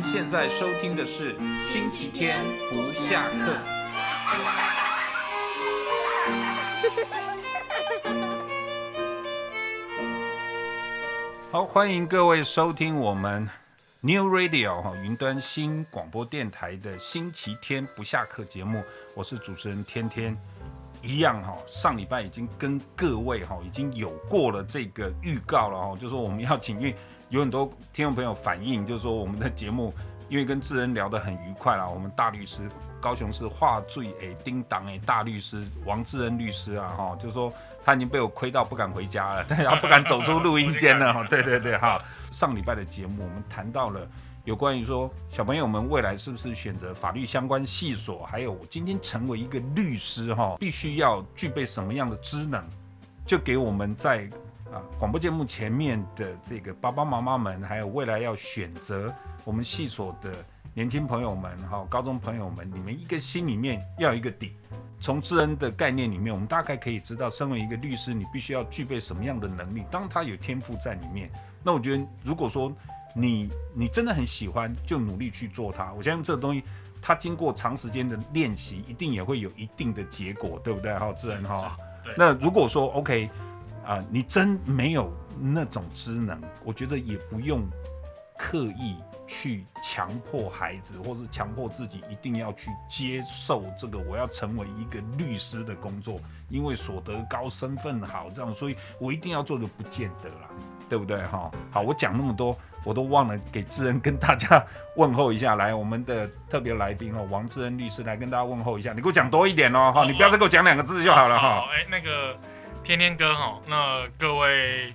現在收聽的是星期天不下課。好，歡迎各位收聽我們 New Radio 哈雲端新廣播電台的星期天不下課節目。我是主持人天天，一樣哈，上禮拜已經跟各位哈已經有過了這個預告了哈，就是說我們要請進。有很多聽眾朋友反映，就是說我們的節目，因為跟智恩聊得很愉快啦、啊。我們大律師高雄市話最誒叮當誒大律師王智恩律師啊哈、哦，就是說他已經被我虧到不敢回家了，他不敢走出錄音間了。對對對哈，上禮拜的節目我們談到了有關於說小朋友們未來是不是選擇法律相關系所，還有今天成為一個律師哈、哦，必須要具備什麼樣的職能，就給我們在。廣播節目前面的這個爸爸媽媽們，還有未來要選擇我們系所的年輕朋友們，哈，高中朋友們，你們一個心裡面要有一個底。從智恩的概念裡面，我們大概可以知道，身為一個律師，你必須要具備什麼樣的能力。當他有天賦在裡面，那我覺得，如果說你你真的很喜歡，就努力去做它。我相信這個東西，他經過長時間的練習，一定也會有一定的結果，對不對？哈，智恩哈。是是 那如果說 OK。啊、呃，你真沒有那種智能，我覺得也不用刻意去強迫孩子，或是強迫自己一定要去接受這個，我要成為一個律師的工作，因為所得高，身份好，這樣，所以我一定要做的不見得啦，對不對哈？好，我講那麼多，我都忘了給智恩跟大家問候一下，來，我們的特別來賓哦，王智恩律師來跟大家問候一下，你給我講多一點哦，哈、哦，你不要再給我講兩個字就好了哈。哎、哦欸，那個。天天哥哈，那各位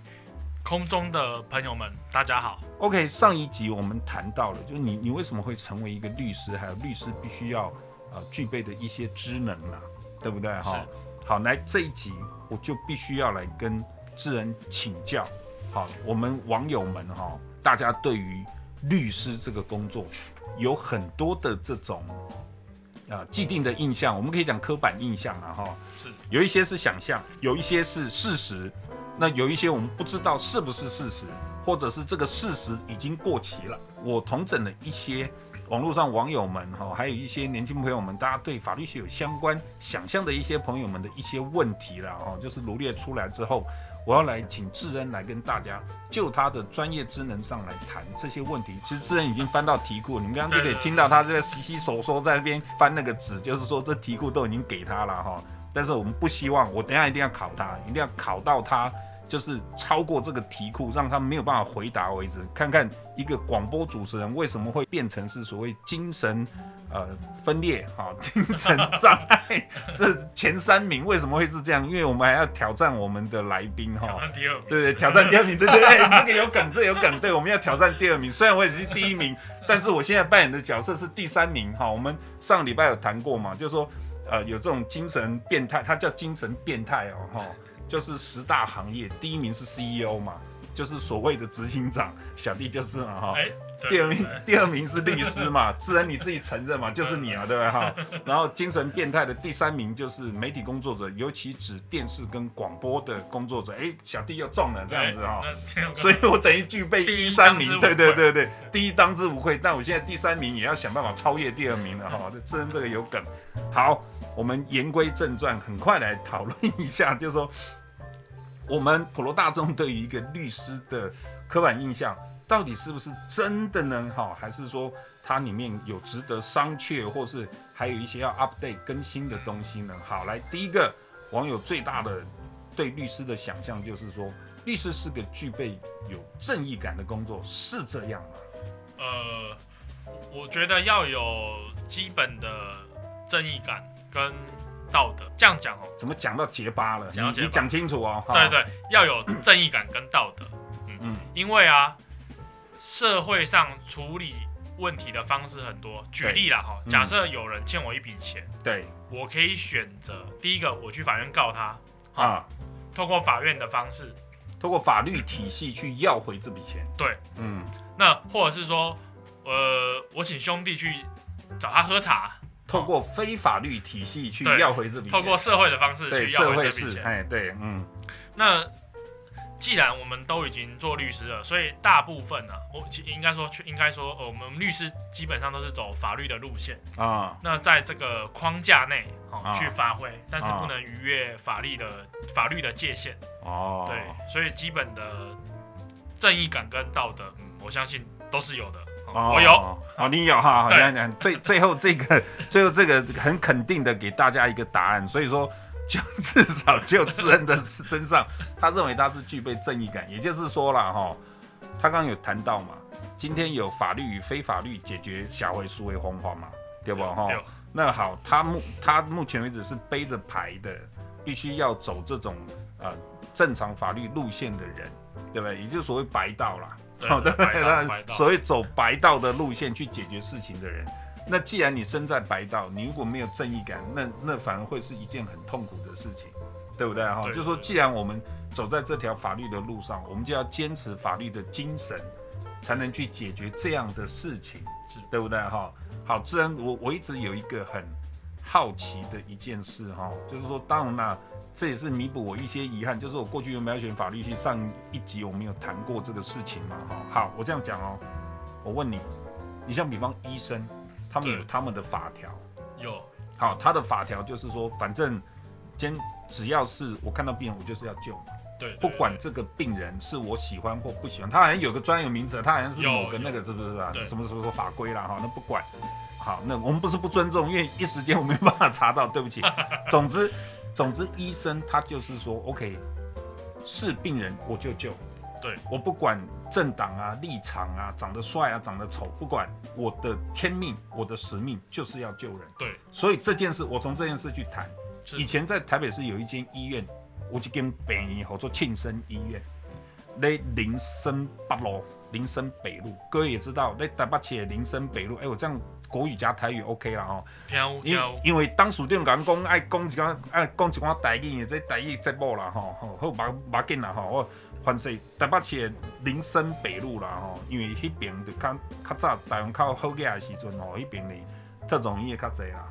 空中的朋友們，大家好。OK，上一集我們談到了，就是你你為什麼會成為一個律師，還有律師必須要呃具備的一些職能啦、啊，對不對哈？是好，來這一集我就必須要來跟智恩請教。好，我們網友們哈，大家對於律師這個工作有很多的這種。呃、啊，既定的印象，我們可以講刻板印象了、啊、哈、哦。是，有一些是想象，有一些是事實，那有一些我們不知道是不是事實，或者是這個事實已經過期了。我統整了一些網絡上網友們哈、哦，還有一些年輕朋友們，大家對法律學有相關想象的一些朋友們的一些問題了哈、哦，就是羅列出來之後。我要來請智恩來跟大家就他的專業職能上來談這些問題。其實智恩已經翻到題庫，你們剛剛就可以聽到他在窸窸窣窣在那邊翻那個紙，就是說這題庫都已經給他了哈。但是我們不希望，我等一下一定要考他，一定要考到他就是超過這個題庫，讓他沒有辦法回答為止。看看一個廣播主持人為什麼會變成是所謂精神。呃，分裂哈、哦，精神障礙， 這前三名為什麼會是這樣？因為我們還要挑戰我們的來賓哈，對對，挑戰第二名，對對， 這個有梗，這個、有梗，對，我們要挑戰第二名。雖然我已經第一名，但是我現在扮演的角色是第三名哈、哦。我們上個禮拜有談過嘛，就是、說呃，有這種精神變態，他叫精神變態哦，哦，就是十大行業，第一名是 CEO 嘛。就是所謂的執行長，小弟就是嘛哈。哦欸、第二名，第二名是律師嘛，智恩你自己承認嘛，對就是你啊，對不對哈？哦、然後精神變態的第三名就是媒體工作者， 尤其指電視跟廣播的工作者。哎，小弟又中了這樣子哈，欸、所以我等於具備一三名，對對對對，對對對，第一當之無愧，但我現在第三名也要想辦法超越第二名了哈、嗯哦。智恩這個有梗。好，我們言歸正傳，很快來討論一下，就是說。我們普羅大眾對於一個律師的刻板印象，到底是不是真的呢？好，還是說它裡面有值得商榷，或是還有一些要 update 更新的東西呢？好，來，第一個網友最大的對律師的想象就是說，律師是個具備有正義感的工作，是這樣嗎？呃，我覺得要有基本的正義感跟。道德，這樣講哦，怎麼講到結巴了？你講清楚哦。對對，要有正義感跟道德。嗯嗯，因為啊，社會上處理問題的方式很多。舉例啦喔，假設有人欠我一筆錢，對，我可以選擇第一個，我去法院告他啊，透過法院的方式，透過法律體系去要回這筆錢。對，嗯，那或者是說，呃，我請兄弟去找他喝茶。透過非法律體系去要回這筆錢，透過社會的方式去要回這筆錢。哎，對，嗯。那既然我們都已經做律師了，嗯、所以大部分呢、啊，我其應該說，去應該說，我們律師基本上都是走法律的路線啊。嗯、那在這個框架內啊去發揮，嗯嗯、但是不能逾越法律的法律的界限哦。嗯、對，所以基本的正義感跟道德，嗯、我相信都是有的。哦，我有哦，你有哈，好講對、嗯嗯、最最後這個最後這個很肯定的給大家一個答案。所以說就至少就智恩的身上，他認為他是具備正義感，也就是說啦哈，他剛剛有談到嘛，今天有法律與非法律解決小會書會方法嘛，對不對？對，那好，他目他目前為止是背着牌的，必須要走這種呃正常法律路線的人，對不對？也就是所謂白道啦。好的，道所謂走白道的路線去解決事情的人，嗯、那既然你身在白道，你如果沒有正義感，那那反而會是一件很痛苦的事情，對不對？哈，就說既然我們走在這條法律的路上，我們就要堅持法律的精神，才能去解決這樣的事情，是對不對？哈，好，智恩，我我一直有一個很。好奇的一件事哈、哦，就是說，當然啦，這也是彌補我一些遺憾，就是我過去有沒有選法律系？上一集我沒有談過這個事情嘛，哈、哦。好，我這樣講哦，我問你，你像比方醫生，他們有他們的法條，有對。好，嗯、他的法條就是說，反正今天只要是我看到病人，我就是要救嘛，對。對不管這個病人是我喜歡或不喜歡，他好像有個專有名詞，他好像是某個那個是不是啊？什麼什麼什麼法規啦哈、哦，那不管。好，那我們不是不尊重，因為一時間我沒辦法查到，對不起。 總之，總之，醫生他就是說，OK，是病人我就救，對，我不管政黨啊、立場啊、長得帥啊、長得醜，不管，我的天命、我的使命就是要救人。對，所以這件事，我從這件事去談。是以前在台北市有一間醫院，我就跟病人合作慶生醫院，那林森八路、林森北路，各位也知道，在台北市的林森北路，哎、欸，我這樣。國語加台語，OK 啦吼，聽有，聽有。因為當時頂間講愛講一講，愛講一寡台，台語的這台語節目啦吼，喔，好麻麻吉啦吼。我反正台北市的林森北路啦吼，喔，因為迄邊就較較早台灣較好的時陣吼，迄、喔、邊呢，特種伊會較儕啦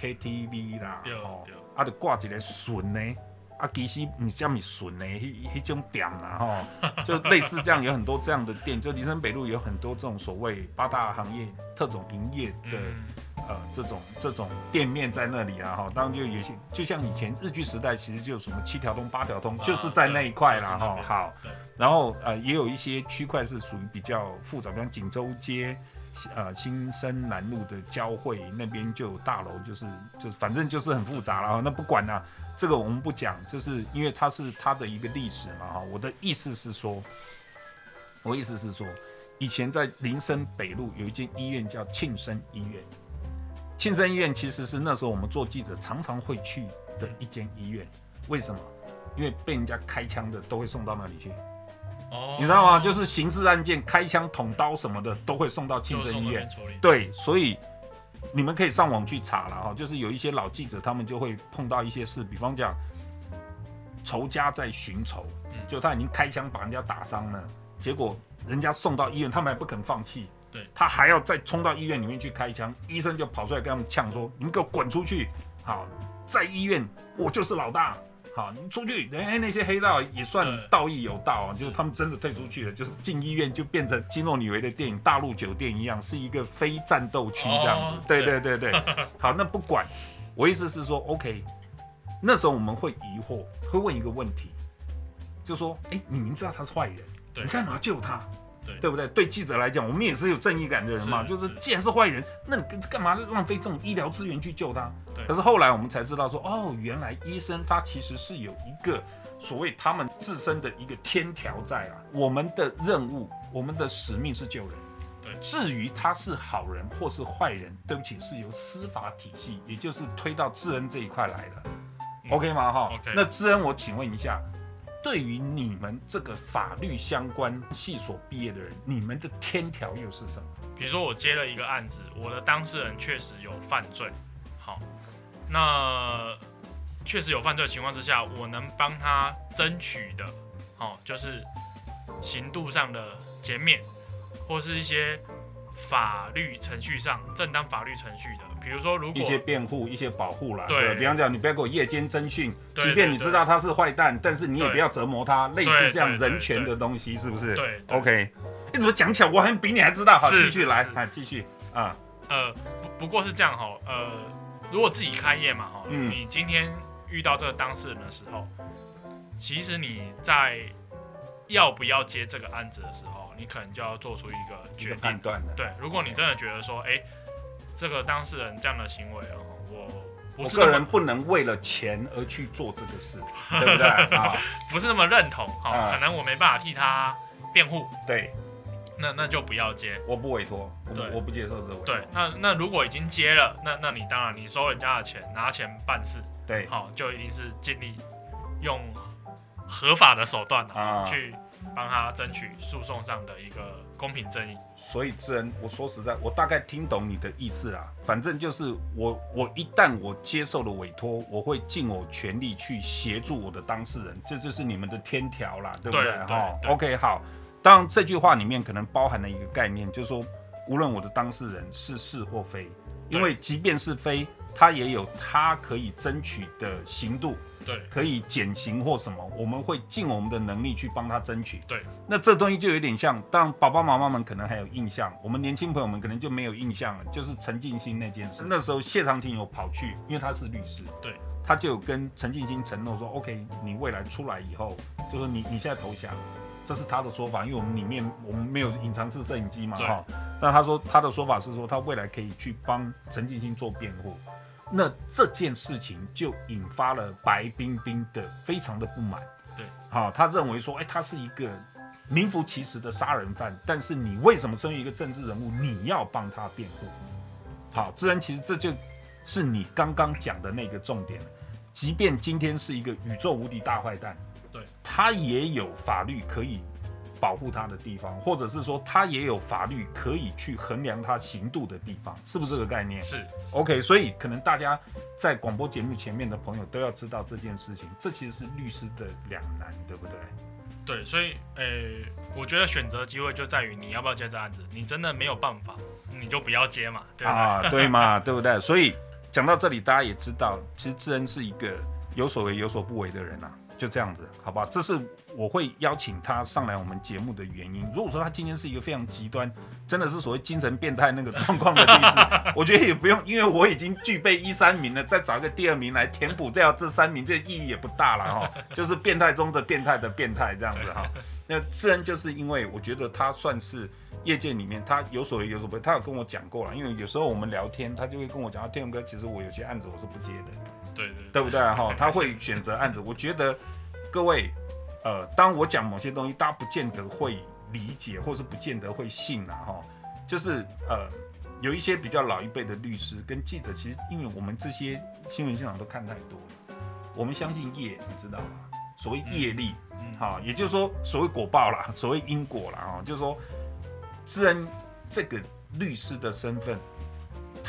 ，KTV 啦、吼、嗯、啊，就掛一個順呢。啊，底西你這樣損咧，一一種店啦吼，就類似這樣，有很多這樣的店，就林森北路有很多這種所謂八大行業特種營業的、嗯、呃這種這種店面在那裡啊，哈，當然就有些就像以前日據時代，其實就什麼七條通八條通，通啊、就是在那一塊啦哈。就是、好，對然後呃也有一些區塊是屬於比較複雜，比方錦州街呃新生南路的交匯那邊就有大樓、就是，就是就是反正就是很複雜了哈，那不管了、啊。這個我們不講，就是因為它是它的一個歷史嘛啊，我的意思是說，我的意思是說，以前在林森北路有一間醫院叫慶生醫院。慶生醫院其實是那時候我們做記者常常會去的一間醫院。為什麼？因為被人家開槍的都會送到那裡去。哦，哦。哦、你知道嗎？就是刑事案件、開槍、捅刀什麼的都會送到慶生醫院。對，所以。你們可以上網去查了哈，就是有一些老記者，他們就會碰到一些事，比方講，仇家在尋仇，就他已經開槍把人家打傷了，結果人家送到醫院，他們還不肯放棄，對他還要再衝到醫院裡面去開槍，醫生就跑出來跟他們嗆說：“你們給我滾出去！好，在醫院我就是老大。”好，你出去，人家那些黑道也算道義有道啊，哦，對就是他們真的退出去了，是就是進醫院就變成基努李維的電影《大陸酒店》一樣，是一個非戰鬥區這樣子。對，oh, 對對對，好，那不管，我意思是說，OK，那時候我們會疑惑，會問一個問題，就說，哎，欸，你明知道他是壞人，對你幹嘛救他？對，對不對？對記者來講，我們也是有正義感的人嘛。是就是既然是壞人，是是那你幹嘛浪費這種醫療資源去救他？對 可是後來我們才知道說，哦，原來醫生他其實是有一個所謂他們自身的一個天條在啊。我們的任務，我們的使命是救人。對。至於他是好人或是壞人，對不起，是由司法體系，也就是推到智恩這一塊來的。嗯、OK 嗎？哈。Okay. 那智恩，我請問一下。對於你們這個法律相關係所畢業的人，你們的天條又是什麼？比如說，我接了一個案子，我的當事人確實有犯罪，好，那確實有犯罪的情況之下，我能幫他爭取的，好，就是刑度上的減免，或是一些法律程序上正當法律程序的。比如說，如果一些辯護、一些保護啦，對，比方講，你不要給我夜間偵訊，即便你知道他是壞蛋，但是你也不要折磨他，類似這樣人權的東西，是不是？對，OK。你怎麼講起來，我還比你還知道？好，繼續來，來繼續，啊，呃，不，不過是這樣哈，呃，如果自己開業嘛哈，你今天遇到這個當事人的時候，其實你在要不要接這個案子的時候，你可能就要做出一個決定判斷了。對，如果你真的覺得說，哎。這個當事人這樣的行為哦，我不是我個人不能為了錢而去做這個事，對不對啊？哦、 不是那麼認同，哈、哦，嗯、可能我沒辦法替他辯護。對，那那就不要接。我不委託，我不對我不接受這個委託。對，那那如果已經接了，那那你當然你收人家的錢，拿錢辦事，對，好、哦，就一定是盡力用合法的手段啊、嗯、去幫他爭取訴訟上的一個。公平正義，所以智恩，我說實在，我大概聽懂你的意思啦、啊。反正就是我，我一旦我接受了委托，我會盡我全力去協助我的當事人，這就是你們的天條啦，對不對？哈，OK，好。當然這句話裡面可能包含了一個概念，就是說，無論我的當事人是是或非，對因為即便是非，他也有他可以爭取的刑度。對，可以減刑或什麼，我們會盡我們的能力去幫他爭取。對，那這東西就有點像，當爸爸媽媽們可能還有印象，我們年輕朋友們可能就沒有印象了。就是陳進興那件事，那時候謝長廷有跑去，因為他是律師，對，他就有跟陳進興承諾說對，OK，你未來出來以後，就是你你現在投降，這是他的說法，因為我們裡面我們沒有隱藏式攝影機嘛哈對、哦。那他說他的說法是說，他未來可以去幫陳進興做辯護。那這件事情就引發了白冰冰的非常的不滿，對，好、哦，他認為說，哎、欸，他是一個名副其實的殺人犯，但是你為什麼身為一個政治人物，你要幫他辯護？好，自然其實這就是你剛剛講的那個重點，即便今天是一個宇宙無敵大壞蛋，對他也有法律可以。保護他的地方，或者是說他也有法律可以去衡量他刑度的地方，是不是這個概念？是，是，是，OK。所以可能大家在廣播節目前面的朋友都要知道這件事情，這其實是律師的兩難，對不對？對，所以呃，我覺得選擇機會就在於你要不要接這案子，你真的沒有辦法，你就不要接嘛，對對啊，對嘛，對不對？ 所以講到這裡，大家也知道，其實智恩是一個有所為有所不為的人啊。就這樣子，好不好？這是我會邀請他上來我們節目的原因。如果說他今天是一個非常極端，真的是所謂精神變態那個狀況的律師， 我覺得也不用，因為我已經具備一三名了，再找一個第二名來填補掉這三名，這個意義也不大了哈。就是變態中的變態的變態這樣子哈。那自然就是因為我覺得他算是業界裡面，他有所有所不，他有跟我講過了，因為有時候我們聊天，他就會跟我講，天勇哥，其實我有些案子我是不接的。對對，對，對不對哈？嗯嗯嗯嗯嗯、他會選擇案子。我覺得，各位，呃，當我講某些東西，大家不見得會理解，或是不見得會信吶、啊、哈、哦。就是呃，有一些比較老一輩的律師跟記者，其實因為我們這些新聞現場都看太多了，我們相信業，你知道嗎？所謂業力，哈、嗯嗯嗯哦，也就是說所謂果報啦，所謂因果啦。啊、哦，就是說，自然這個律師的身份。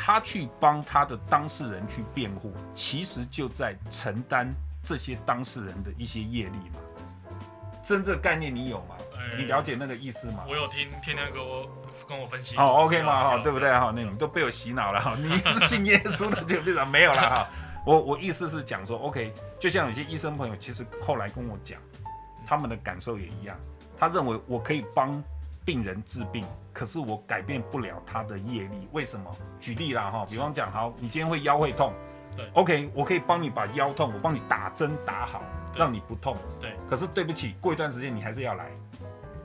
他去幫他的當事人去辯護，其實就在承擔這些當事人的一些業力嘛。真正概念你有嗎？欸、你了解那個意思嗎？我有聽天天哥跟我分析。好、哦有哦、，OK 有嘛，哈、哦，有對不對？哈有，那種都被我洗腦了。有你是信耶穌的 就非常沒有了哈、哦。我我意思是講說，OK，就像有些醫生朋友，其實後來跟我講，他們的感受也一樣。他認為我可以幫。病人治病，可是我改變不了他的業力。為什麼？舉例啦哈，比方講，是好，你今天會腰會痛，對，OK，我可以幫你把腰痛，我幫你打針打好，對讓你不痛，對。可是對不起，過一段時間你還是要來，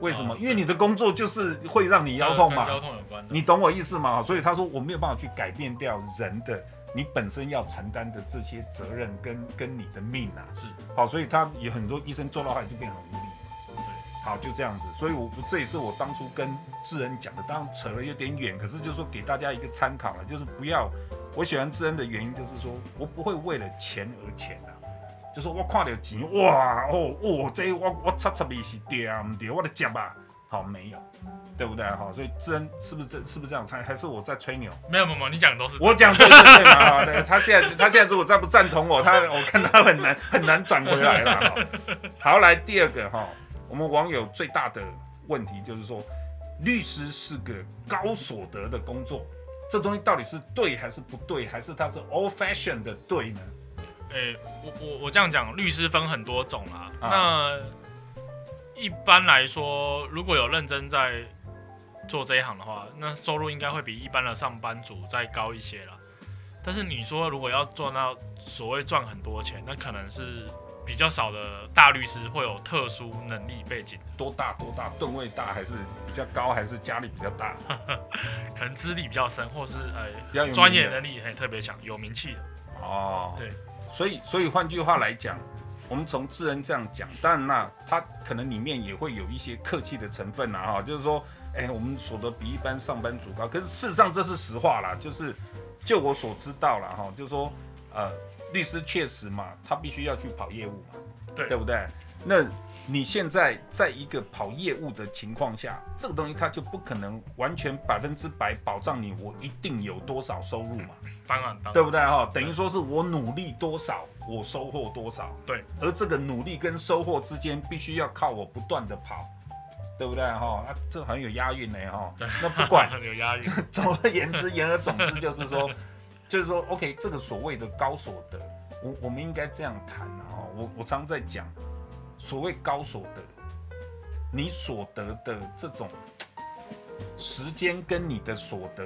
為什麼？啊，因為你的工作就是會讓你腰痛嘛，腰痛有關，你懂我意思嗎？所以他說我沒有辦法去改變掉人的，你本身要承擔的這些責任跟跟你的命啊，是，好，所以他有很多醫生做到他就變成無力。好，就這樣子，所以我不這也是我當初跟智恩講的，當然扯了有點遠，可是就是說給大家一個參考了，就是不要我喜歡智恩的原因，就是說我不會為了錢而錢、啊、就是我看幾年哇哦哦，這我我差差鼻是屌屌，我的講吧，好沒有，對不對？好、哦，所以智恩是不是這是不是這樣才還是我在吹牛沒？沒有，沒有，你講的都是這樣的我講都是對，對嘛， 對，他現在他現在如果再不贊同我，他我看他很難很難轉回來了、哦。好，來第二個哈。哦我們網友最大的問題就是說，律師是個高所得的工作，這東西到底是對還是不對，還是它是 old fashion 的對呢？誒，我我我這樣講，律師分很多種啦。啊、那一般來說，如果有認真在做這一行的話，那收入應該會比一般的上班族再高一些了。但是你說，如果要做到所謂賺很多錢，那可能是。比較少的大律師會有特殊能力背景，多大多大，噸位大還是比較高，還是家裡比較大， 可能資歷比較深，或是比較有專業能力還特別強，有名氣的哦。對所，所以所以換句話來講，我們從智恩這樣講，但那他可能裡面也會有一些客氣的成分吶，哈，就是說，哎、欸，我們所得比一般上班族高，可是事實上這是實話啦，就是就我所知道啦哈，就是說，呃。律師確實嘛，他必須要去跑業務嘛，對，對不對？那你現在在一個跑業務的情況下，這個東西他就不可能完全百分之百保障你，我一定有多少收入嘛？嗯、對不對哈、哦？對，等於說是我努力多少，我收穫多少。對，而這個努力跟收穫之間，必須要靠我不斷的跑，對，對不對哈、哦？啊，這很有押韻呢、哦。哈對。那不管。很 有押韻。總而言之，言而總之就是說。 就是說，OK，這個所謂的高所得，我我們應該這樣談啊。我我常在講，所謂高所得，你所得的這種時間跟你的所得，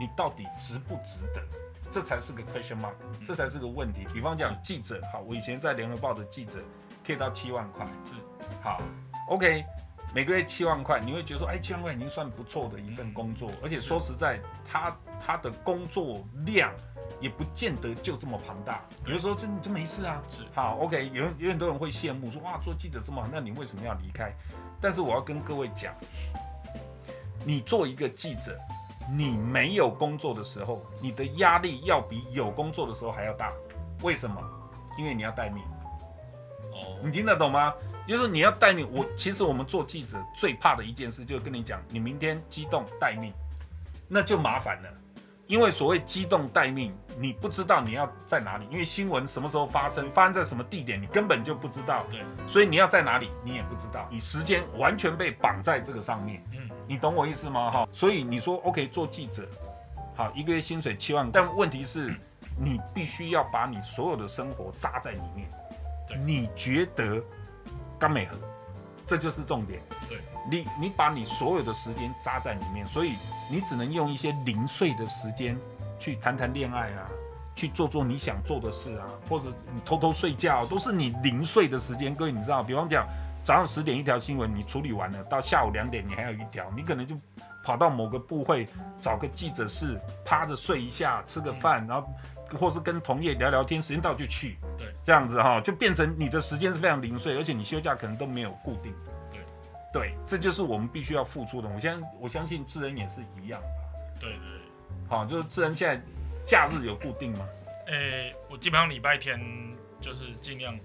你到底值不值得？這才是個 question mark，、嗯、這才是個問題。比方講，是記者，好，我以前在聯合報的記者，可以到七萬塊，是，好，OK，每個月七萬塊，你會覺得說，哎，七萬塊已經算不錯的一份工作，嗯、而且說實在，是他他的工作量。也不見得就這麼龐大，比如對說這就沒事啊。是，好，OK 有。有有很多人會羨慕說，說哇，做記者這麼好，那你為什麼要離開？但是我要跟各位講，你做一個記者，你沒有工作的時候，你的壓力要比有工作的時候還要大。為什麼？因為你要待命。哦，你聽得懂嗎？就是你要待命。我其實我們做記者最怕的一件事，就是跟你講，你明天激動待命，那就麻煩了。因為所謂機動待命，你不知道你要在哪裡，因為新聞什麼時候發生，發生在什麼地點，你根本就不知道。對，所以你要在哪裡，你也不知道。你時間完全被綁在這個上面。嗯，你懂我意思嗎？哈對，所以你說 OK 做記者，好，一個月薪水七萬，但問題是，嗯、你必須要把你所有的生活扎在裡面。對，你覺得甘美和，這就是重點。對。你你把你所有的時間扎在裡面，所以你只能用一些零碎的時間去談談戀愛啊，去做做你想做的事啊，或者你偷偷睡覺、啊，都是你零碎的時間。各位你知道，比方講早上十點一條新聞你處理完了，到下午兩點你還有一條，你可能就跑到某個部會找個記者室趴着睡一下，吃個飯，嗯、然後或是跟同業聊聊天，時間到就去。對，這樣子哈、哦，就變成你的時間是非常零碎，而且你休假可能都沒有固定。對，這就是我們必須要付出的。我相，我相信智恩也是一樣。對對。好、哦，就是智恩現在假日有固定嗎？誒，我基本上禮拜天就是盡量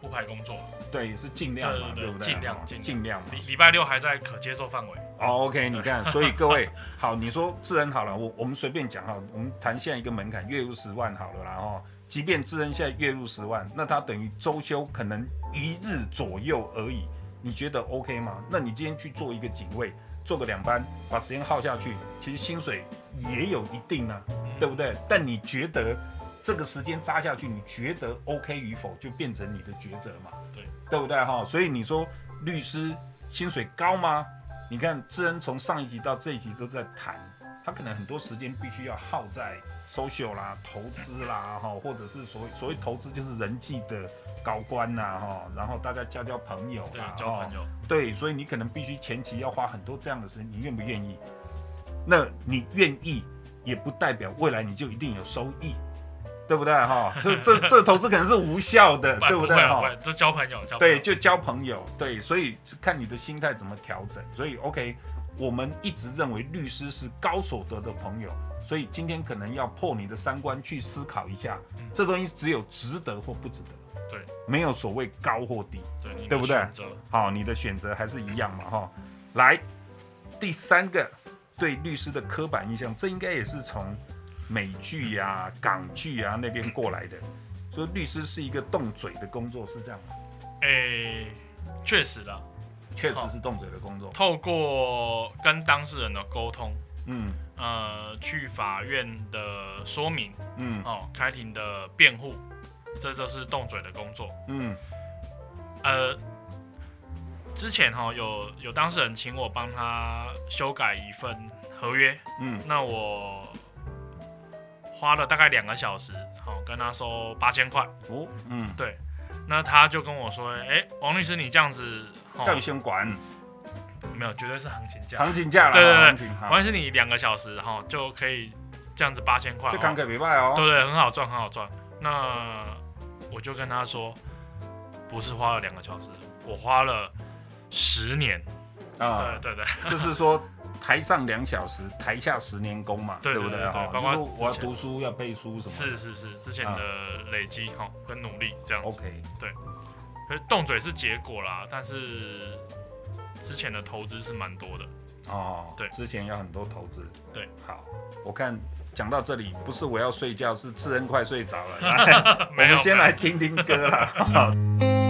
不排工作。對，是盡量嘛。對，對對，盡量盡量。盡量。禮禮、哦、拜六還在可接受範圍。哦、oh，OK，對你看，所以各位 好，你說智恩好了，我我們隨便講哈，我們談下一個門檻，月入十萬好了，然、哦、後即便智恩現在月入十萬，那他等於周休可能一日左右而已。你覺得 OK 嗎？那你今天去做一個警衛，做個兩班，把時間耗下去，其實薪水也有一定呢、啊嗯、對不對？但你覺得這個時間扎下去，你覺得 OK 與否，就變成你的抉擇嘛。對，對不對哈？嗯、所以你說律師薪水高嗎？你看智恩從上一集到這一集都在談。他可能很多時間必須要耗在 social 啦、投資啦，哈、哦，或者是所所謂投資就是人際的高官吶、啊，哈、哦，然後大家交交朋友、啊，對，交朋友、哦，對，所以你可能必須前期要花很多這樣的時間，你願不願意？那你願意也不代表未來你就一定有收益，對不對？哈、哦，就這這這投資可能是無效的， 對不對？哈、啊，都交朋友，交對，就交朋友，對，所以看你的心態怎麼調整，所以 OK。我們一直認為律師是高所得的朋友，所以今天可能要破你的三觀去思考一下，這東西只有值得或不值得，對，沒有所謂高或低，對，對不對？好，你的選擇還是一樣嘛哈。來，第三個對律師的刻板印象，這應該也是從美劇呀、啊、港劇啊那邊過來的，所以律師是一個動嘴的工作，是這樣嗎？哎，確實的。確實是動嘴的工作，哦、透過跟當事人的溝通，嗯，呃，去法院的說明，嗯，哦，開庭的辯護，這就是動嘴的工作，嗯，呃，之前哈、哦、有有當事人請我幫他修改一份合約，嗯，那我花了大概兩個小時，好、哦，跟他收八千塊，哦，嗯，對，那他就跟我說，哎、欸，王律師，你這樣子。各有相關，沒有，絕對是行情價，行情價啦，對對對，關鍵是你兩個小時哈就可以這樣子八千塊，就剛給別壞哦，對對，很好賺，很好賺。那我就跟他說，不是花了兩個小時，我花了十年啊，對對對，就是說台上兩小時，台下十年功嘛，對不對？包括我要讀書要背書什麼，是是是，之前的累積哈跟努力這樣子，OK，對。動嘴是結果啦，但是之前的投資是蠻多的哦。對，之前有很多投資。對，好，我看講到這裡，不是我要睡覺，是智恩快睡着了。 有我們先來聽聽歌啦。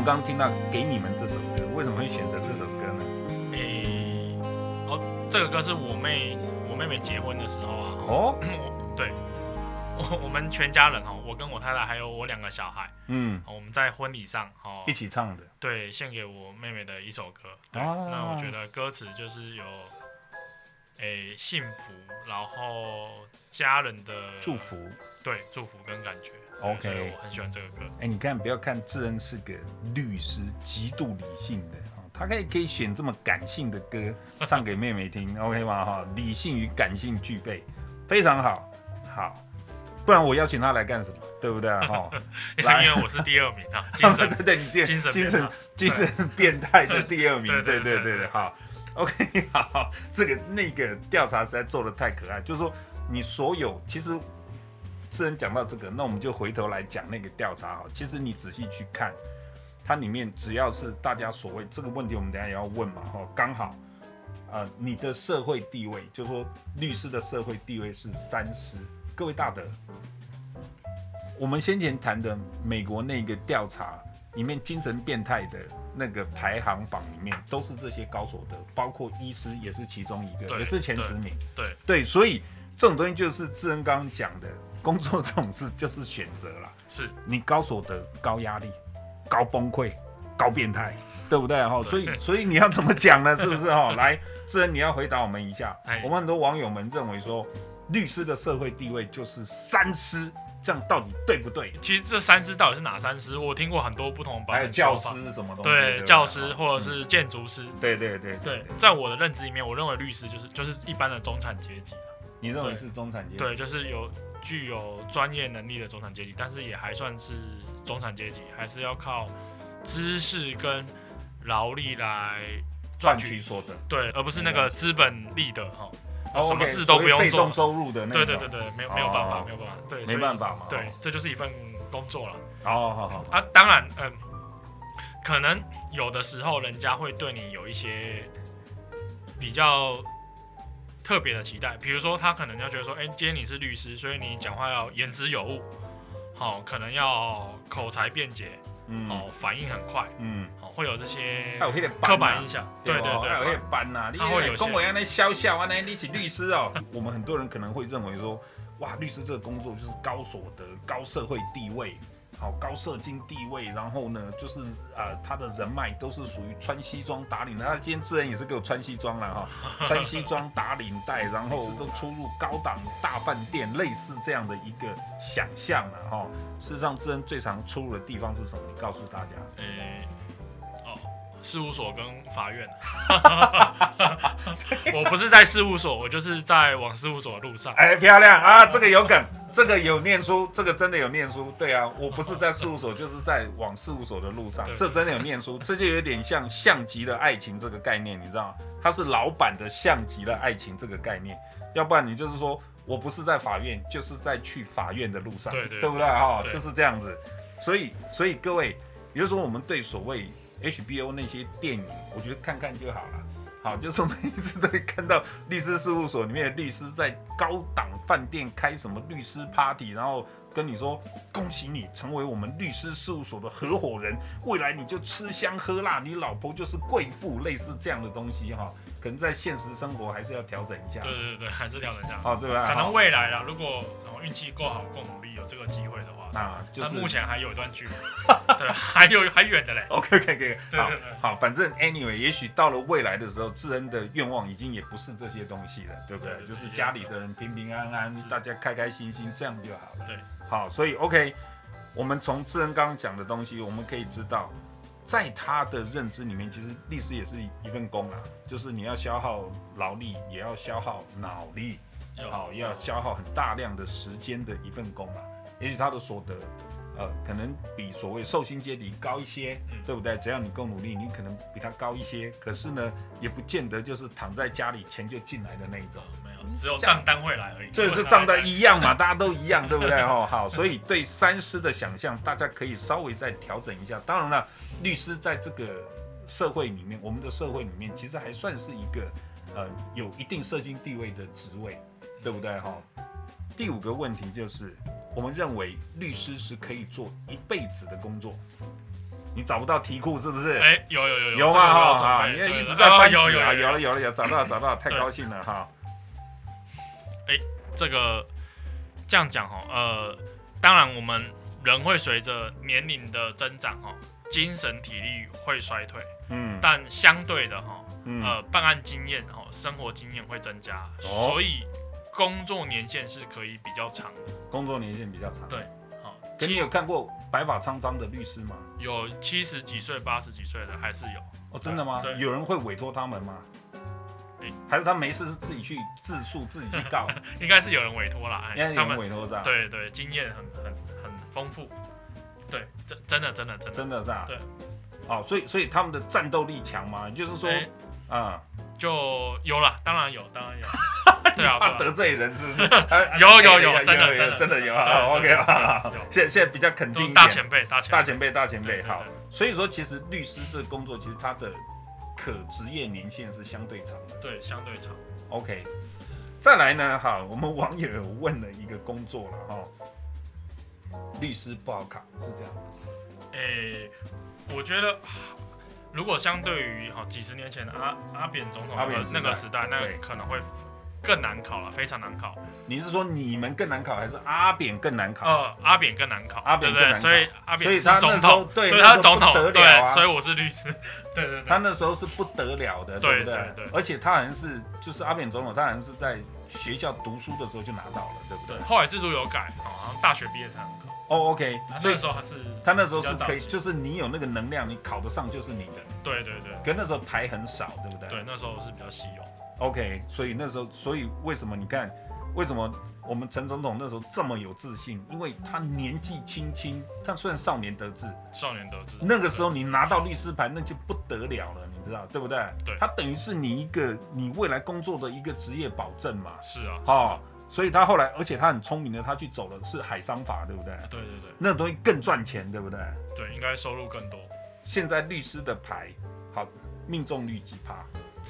我剛剛聽到《給你們》這首歌，為什麼會選擇這首歌呢？誒、哎，哦，這個歌是我妹，我妹妹結婚的時候啊。哦。對。我我們全家人哦，我跟我太太還有我兩個小孩，嗯，我們在婚禮上哦一起唱的。對，獻給我妹妹的一首歌。對。哦、那我覺得歌詞就是有誒、哎、幸福，然後家人的祝福，對，祝福跟感覺。OK，我很喜歡這個歌。哎、欸，你看，不要看智恩是個律師，極度理性的，哦、他可以可以選這麼感性的歌唱給妹妹聽 ，OK 嗎？哈， 理性與感性具備，非常好，好，不然我邀請他來幹什麼？對不對？哈， 哦，因為我是第二名啊， 精神，對，你精神，精神，精神變態的第二名， 對，對對對對， 好，OK，好，這個那個調查實在做的太可愛，就是說你所有其實。智恩講到這個，那我們就回頭來講那個調查哈。其實你仔細去看，它裡面只要是大家所謂這個問題，我們等下也要問嘛。哈，剛好，呃，你的社會地位，就是說律師的社會地位是三師。各位大德，我們先前談的美國那個調查裡面，精神變態的那個排行榜裡面，都是這些高手的，包括醫師也是其中一個，對也是前十名。對對,對，所以這種東西就是智恩剛剛講的。工作這種事就是選擇啦是，是你高所得、高壓力、高崩潰、高變態，對不對哈、哦？對所以，所以你要怎麼講呢？是不是哈、哦？ 來，智恩，你要回答我們一下。唉我們很多網友們認為說，律師的社會地位就是三師，這樣到底對不對？其實這三師到底是哪三師？我聽過很多不同的版本還有教師什麼東西？對，對吧教師或者是建築師、嗯。對對對對,對,對,對，在我的認知裡面，我認為律師就是就是一般的中產階級、啊。你認為是中產階級？，對，就是有。具有專業能力的中產階級，但是也還算是中產階級，還是要靠知識跟勞力來賺取,取所得，對，而不是那個資本利得哈，什麼事都不用做，被動收入的那個、對對對，沒沒有辦法，沒有辦法，對沒辦法嘛對、哦，對，這就是一份工作了。好好、哦哦哦，好啊，當然，嗯，可能有的時候人家會對你有一些比較。特別的期待，比如說他可能要覺得說，哎、欸，今天你是律師，所以你講話要言之有物，好、哦，可能要口才辯解，嗯、哦，反應很快，嗯，好、哦，會有這些，刻板印象，啊、對，對對對，有些板吶，你跟我一樣的學校啊，那你是律師哦， 我們很多人可能會認為說，哇，律師這個工作就是高所得、高社會地位。好高射精地位，然後呢，就是呃，他的人脈都是屬於穿西裝打領的。他、啊、今天智恩也是給我穿西裝了哈、哦，穿西裝打領帶， 然後都出入高檔大飯店，類似這樣的一個想象了哈、哦。事實上，智恩最常出入的地方是什麼？你告訴大家。誒、欸，哦，事務所跟法院。 我不是在事務所，我就是在往事務所的路上。哎、欸，漂亮啊，這個有梗。 這個有念書，這個真的有念書，對啊，我不是在事務所，呵呵呵呵就是在往事務所的路上，對對對，這真的有念書，這就有點像像極了愛情這個概念，你知道嗎？它是老闆的像極了愛情這個概念，要不然你就是說我不是在法院，就是在去法院的路上，對對，對，對不對哈、哦？對對對就是這樣子，所以所以各位，比如說我們對所謂 HBO 那些電影，我覺得看看就好了。好，就是我們一直都會看到律師事務所裡面的律師在高檔飯店開什麼律師 party，然後跟你說恭喜你成為我們律師事務所的合夥人，未來你就吃香喝辣，你老婆就是貴婦，類似這樣的東西哈、哦，可能在現實生活還是要調整一下。對對對，還是調整一下。哦，對吧？可能未來啦，如果，運氣夠好，夠努力，有這個機會的話，那、啊就是、是目前還有一段距離， 對，還有還遠的嘞。OK，OK，OK，Okay, okay. 對好，好，反正 anyway，也許到了未來的時候，智恩的願望已經也不是這些東西了，對不對？對對對，就是家裡的人平平安安，是大家開開心心，這樣就好了。對，好，所以 OK，我們從智恩剛剛講的東西，我們可以知道，在他的認知裡面，其實律師也是一份工啊，就是你要消耗勞力，也要消耗腦力。好、哦，要消耗很大量的時間的一份工嘛。嗯、也許他的所得，呃，可能比所謂受薪階級高一些，嗯、對不對？只要你夠努力，你可能比他高一些。可是呢，也不見得就是躺在家裡錢就進來的那一種。沒有、嗯，樣只有賬單會來而已。這就是賬單一樣嘛。 大家都一樣，對不對？哦， 好，所以對三師的想象，大家可以稍微再調整一下。當然了，律師在這個社會裡面，我們的社會裡面，其實還算是一個呃有一定社經地位的職位。對不對哈？第五個問題就是，我們認為律師是可以做一輩子的工作，你找不到題庫是不是？哎，有有有有嗎有啊！你也一直在有有啊？有了有了有找到了找到了，太高興了哈！哎，這個這樣講哈，呃，當然我們人會隨着年齡的增長哈，精神體力會衰退，嗯，但相對的哈，呃，辦案經驗哦，生活經驗會增加，所以。工作年限是可以比較長的，工作年限比較長，對，好。可你有看過白髮蒼蒼的律師嗎？有七十幾歲、八十幾歲的還是有？哦，真的嗎？有人會委托他們嗎？還是他沒事是自己去自訴、自己去告？應該是有人委托了，應該有人委託是吧。對對，經驗很很很豐富。對，真的真的真的真的在。對，哦，所以所以他們的戰鬥力強嗎？就是說，嗯，就有了，當然有，當然有。怕得罪人是不是？有有有，真的有真的有。OK，好，現現在比較肯定一點大前輩，大前輩，大前輩，好。所以說，其實律師這個工作，其實它的可職業年限是相對長的。對，相對長。OK，再來呢，哈，我們網友問了一個工作了哈，律師不好考，是這樣。誒，我覺得如果相對於哈幾十年前的阿阿扁總統那個時代，那可能會。更難考了，非常難考。你是說你們更難考，還是阿扁更難考？呃，阿扁更難考，對不對？所以阿扁，所以他總統對，所以他總統不得了啊。所以我是律師，對對。他那時候是不得了的，對不對？而且他好像是，就是阿扁總統，他好像是在學校讀書的時候就拿到了，對不對？後來制度有改，好像大學畢業才能考。哦，OK。所以說他是，他那時候是可以，就是你有那個能量，你考得上就是你的。對對對。跟那時候牌很少，對不對？對，那時候是比較稀有。OK，所以那時候，所以為什麼你看，為什麼我們陳總統那時候這麼有自信？因為他年紀輕輕，他雖然少年得志，少年得志，那個時候你拿到律師牌對那就不得了了，你知道對不對？對，他等於是你一個你未來工作的一個職業保證嘛。是啊，好、哦，啊、所以他後來，而且他很聰明的，他去走了是海商法，對不對？對對對，那東西更賺錢，對不對？對，應該收入更多。現在律師的牌好，命中率幾趴？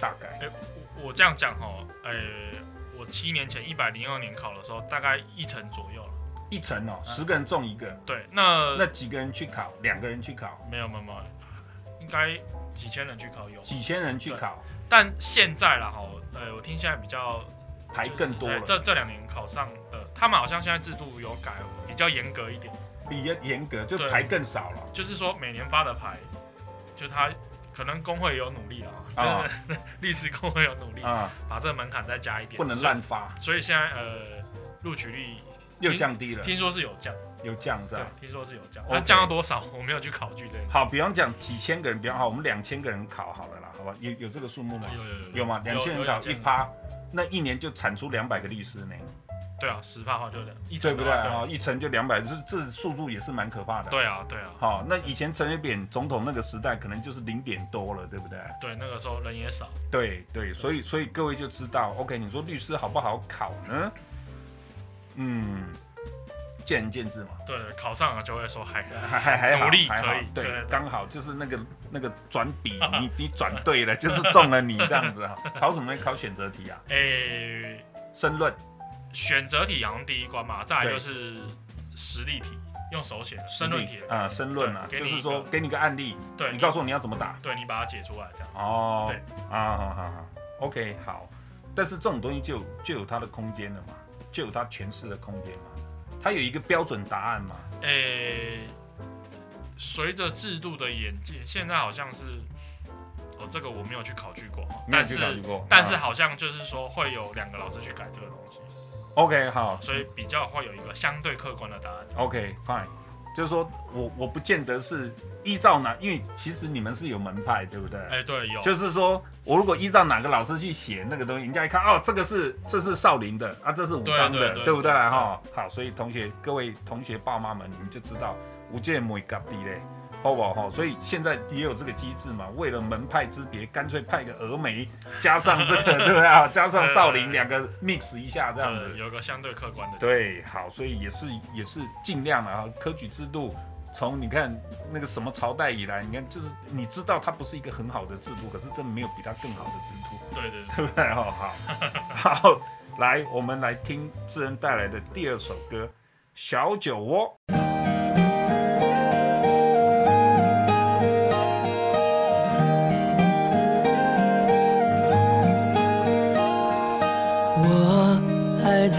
大概，哎、欸，我我這樣講哈，哎、欸，我七年前一百零二年考的時候，大概一成左右一成哦、喔，十、啊、個人中一個。對，那那幾個人去考，兩個人去考，沒有沒有，沒有，應該幾千人去考有。幾千人去考，但現在了哈，呃，我聽現在比較牌、就是、更多對，這這兩年考上，的、呃，他們好像現在制度有改，比較嚴格一點。比較嚴格就牌更少了，就是說每年發的牌，就他可能工會也有努力了。啊，的，律師公會有努力啊，把這個門檻再加一點，嗯、所以不能亂發。所以現在呃，錄取率又降低了。聽降降，聽說是有降，有降是吧？對，聽說是有降，那降到多少？我沒有去考據這個。好，比方講幾千個人，比方好，我們兩千個人考好了啦，好吧？有有這個數目嗎？有有有,有,有嗎？兩千人考一趴，那一年就產出兩百個律師呢。對啊，十八號就兩，一成，對不對啊？一成就兩百，這這速度也是蠻可怕的。對啊，對啊。好，那以前陳水扁總統那個時代，可能就是零點多了，對不對？對，那個時候人也少。對對，所以所以各位就知道，OK？你說律師好不好考呢？嗯，見仁見智嘛。對，考上了就會說還還還還好，還好，對，剛好就是那個那個轉筆，你你轉對了，就是中了你這樣子哈。考什麼？考選擇題啊？哎，申論。選擇題，然後第一關嘛，再來就是實力題，用手寫的。申論題，嗯，申論啊，就是說給你個案例，對，你告訴我你要怎麼打，對，你把它解出來這樣。哦，對啊，好好好，OK，好。但是這種東西就就有它的空間了嘛，就有它詮釋的空間嘛。它有一個標準答案嘛，哎，隨着制度的演進，現在好像是，哦，這個我沒有去考據過，沒有去考據過，但是好像就是說會有兩個老師去改這個東西。OK，好，所以比較會有一個相對客觀的答案。OK，fine，、okay，就是說我我不見得是依照哪，因為其實你們是有門派，對不對？哎、欸，對，有。就是說我如果依照哪個老師去寫那個東西，人家一看，哦，這個是這是少林的啊，這是武當的，對不對哈、哦，好，所以同學各位同學爸媽們，你們就知道無見每個地嘞。好不好、哦、所以現在也有這個機制嘛？為了門派之別，乾脆派個峨眉加上這個， 對不對啊？加上少林兩 個 mix 一下這樣子，有個相對客觀的。對，好，所以也是也是盡量了啊。科舉制度從你看那個什麼朝代以來，你看就是你知道它不是一個很好的制度，可是真沒有比它更好的制度。對對、對，對不對哈、哦？好， 好，好，來我們來聽智恩帶來的第二首歌對對對對《小酒窩》。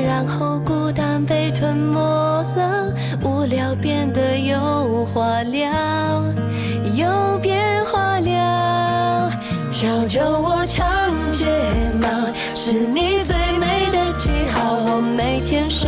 然後孤單被吞沒了，無聊變得有話聊，有變化了。小酒窩長睫毛，是你最美的記號。我每天睡。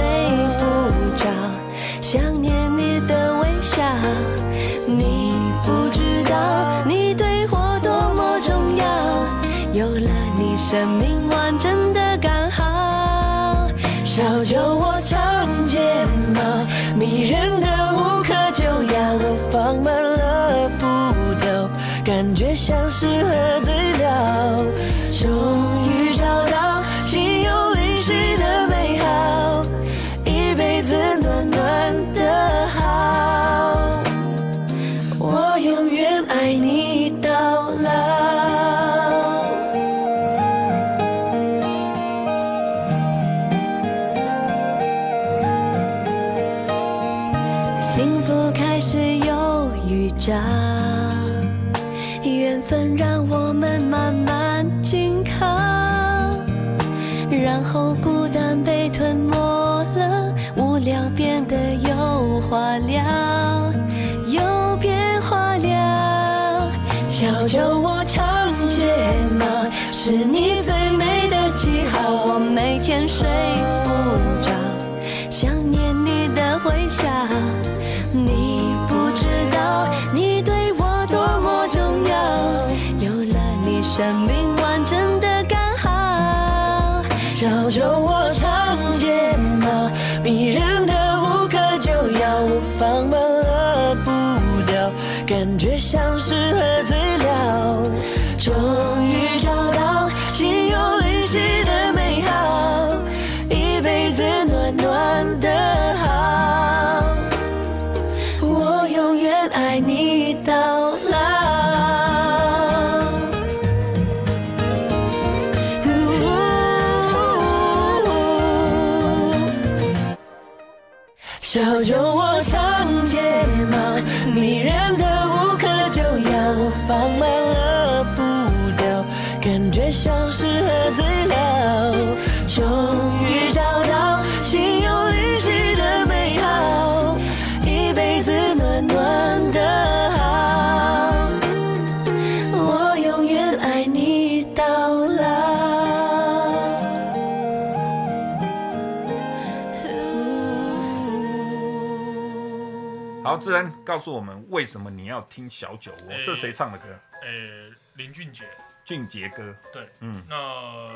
智恩告訴我們為什麼你要聽小酒窩？喔欸？這是誰唱的歌？誒、欸，林俊傑。俊傑歌。對，嗯。那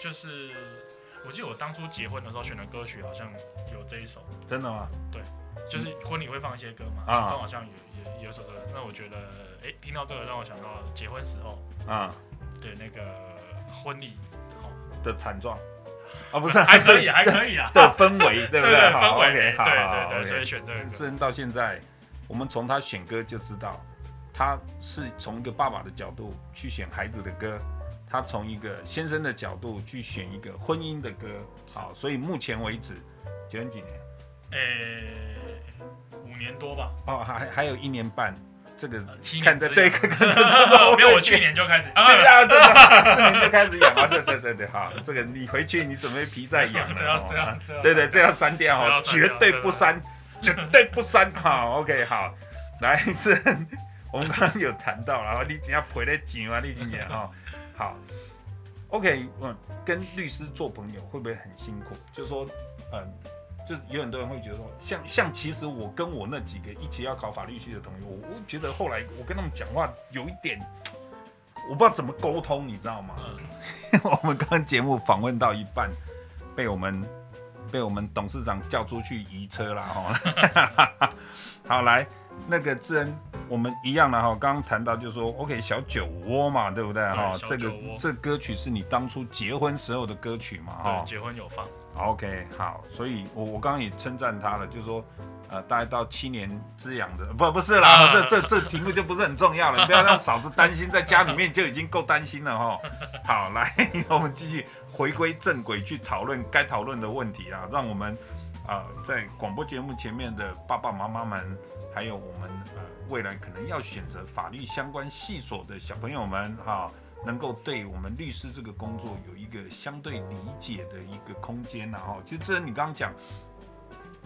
就是我記得我當初結婚的時候選的歌曲好像有這一首。真的嗎？對，就是婚禮會放一些歌嘛。啊、嗯。就好像有有，啊啊、有首歌，那我覺得誒、欸，聽到這個讓我想到結婚時候。啊，啊。對那個婚禮，啊，的慘狀。啊，不是，還可以，還可以啊。對，氛圍，對不對？氛圍，對對對，所以選這個。智恩到現在，我們從他選歌就知道，他是從一個爸爸的角度去選孩子的歌，他從一個先生的角度去選一個婚姻的歌。好，所以目前為止，結婚幾年？呃，五年多吧。哦，還還有一年半。這個看在對，沒有，我去年就開始，去年這個四年就開始養了，對對對對，哈，這個你回去你準備皮再養，這樣對對，這樣刪掉哈，絕對不刪，絕對不刪，好，OK，好，來這我們剛剛有談到了，你只要賠得進啊，你今年哈，好，OK，嗯，跟律師做朋友會不會很辛苦？就說嗯。就有很多人會覺得說像，像像其實我跟我那幾個一起要考法律系的同學，我，我覺得後來我跟他們講話有一點，我不知道怎麼溝通，你知道嗎？嗯、 我們剛剛節目訪問到一半，被我們被我們董事長叫出去移車啦哈。 好，來那個智恩，我們一樣了哈。剛剛談到就是說，OK，小酒窩嘛，對不對哈？小酒窩。這個這個，歌曲是你當初結婚時候的歌曲嘛？對，結婚有放。OK，好，所以我我剛剛也稱讚他了，就是說，呃，大概到七年之癢的，不不是啦，這這這題目就不是很重要了，你不要讓嫂子擔心，在家裡面就已經夠擔心了哈、哦。好，來，我們繼續回歸正軌去討論該討論的問題啊，讓我們啊、呃、在廣播節目前面的爸爸媽媽們，還有我們呃未來可能要選擇法律相關系所的小朋友們哈。哦能夠對我們律師這個工作有一個相對理解的一個空間，然後哈，其實正如你剛剛講，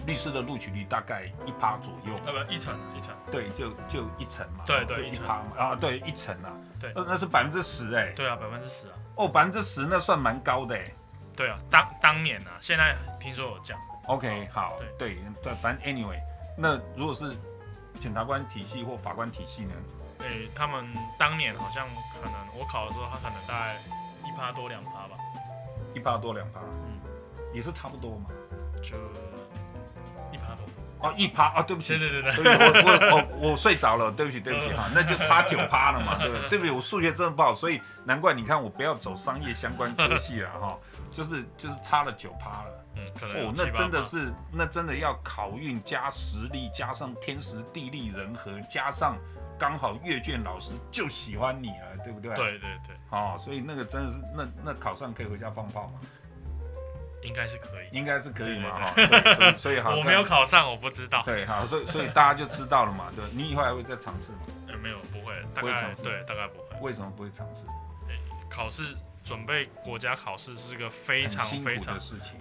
律師的錄取率大概一趴左右，呃、啊、不一層，一層，一對，就就一層嘛，對，對對，一趴嘛，啊對成，一層啊，對，啊、對那是百分之十哎，欸、對啊，百分之十啊，哦百分之十那算蠻高的哎、欸，對啊，當當年啊。現在聽說有降，OK 好，對對對，反正 anyway，那如果是檢察官體系或法官體系呢？欸、他們當年好像可能我考的時候，他可能大概一趴多兩趴吧。一趴多兩趴，嗯，也是差不多嘛就。就一趴多，多。哦、啊，一趴哦，對不起，對對對我我我我睡着了，對不起對不起哈，那就差九趴了嘛，對不對？我數學真的不好，所以難怪你看我不要走商業相關科系了哈，就是就是差了九趴了，嗯，可能 7, 哦，那真的是那真的要考運加實力，加上天時地利人和，加上。剛好閱卷老師就喜歡你了，對不對？對對對。哦，所以那個真的是那那考上可以回家放炮嗎？應該是可以。應該是可以嘛？哈。所以所以哈，我沒有考上，我不知道。對哈，所以所以大家就知道了嘛？對，你以後還會再嘗試嗎？呃，沒有，不會。大概對，大概不會。為什麼不會嘗試？考試準備國家考試是個非常非常的事情，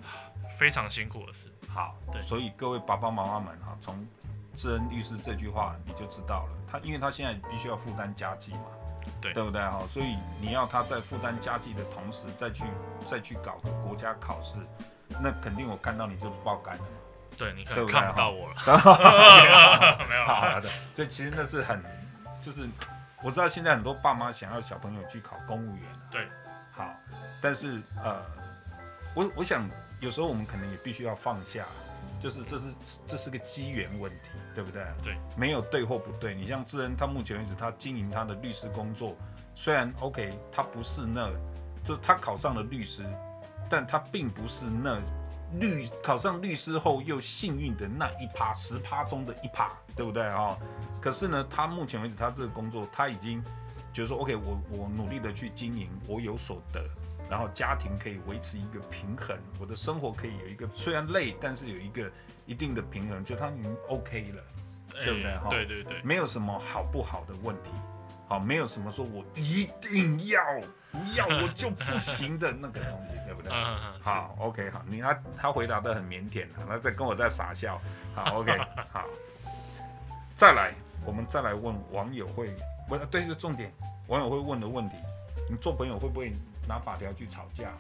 非常辛苦的事。好，對。所以各位爸爸媽媽們哈，從。智恩律師這句話你就知道了，他因為他現在必須要負擔家計嘛，對，對不對哈？所以你要他在負擔家計的同時再去再去搞國家考試，那肯定我看到你就爆肝了嘛。對，你可能看不到我了？沒有。好的。所以其實那是很，就是我知道現在很多爸媽想要小朋友去考公務員，對，好，但是呃，我我想有時候我們可能也必須要放下。就是這是這是個機緣問題，對不對？對，沒有對或不對。你像智恩，他目前為止他經營他的律師工作，雖然 OK，他不是那，就他考上了律師，但他並不是那律考上律師後又幸運的那一趴十趴中的一趴，對不對啊？哦，可是呢，他目前為止他這個工作他已經覺得說 OK，我我努力的去經營，我有所得。然後家庭可以維持一個平衡，我的生活可以有一個雖然累，但是有一個一定的平衡，就他們已經 OK 了，對不對？哎、對對對，沒有什麼好不好的問題，好，沒有什麼說我一定要不要我就不行的那個東西， 對不對？嗯嗯好是，OK，好，你看他，他回答得很腼腆的，啊，那在跟我在傻笑。好 ，OK，好，再來，我們再來問網友會問，對，是重點，網友會問的問題，你做朋友會不會？拿法條去吵架，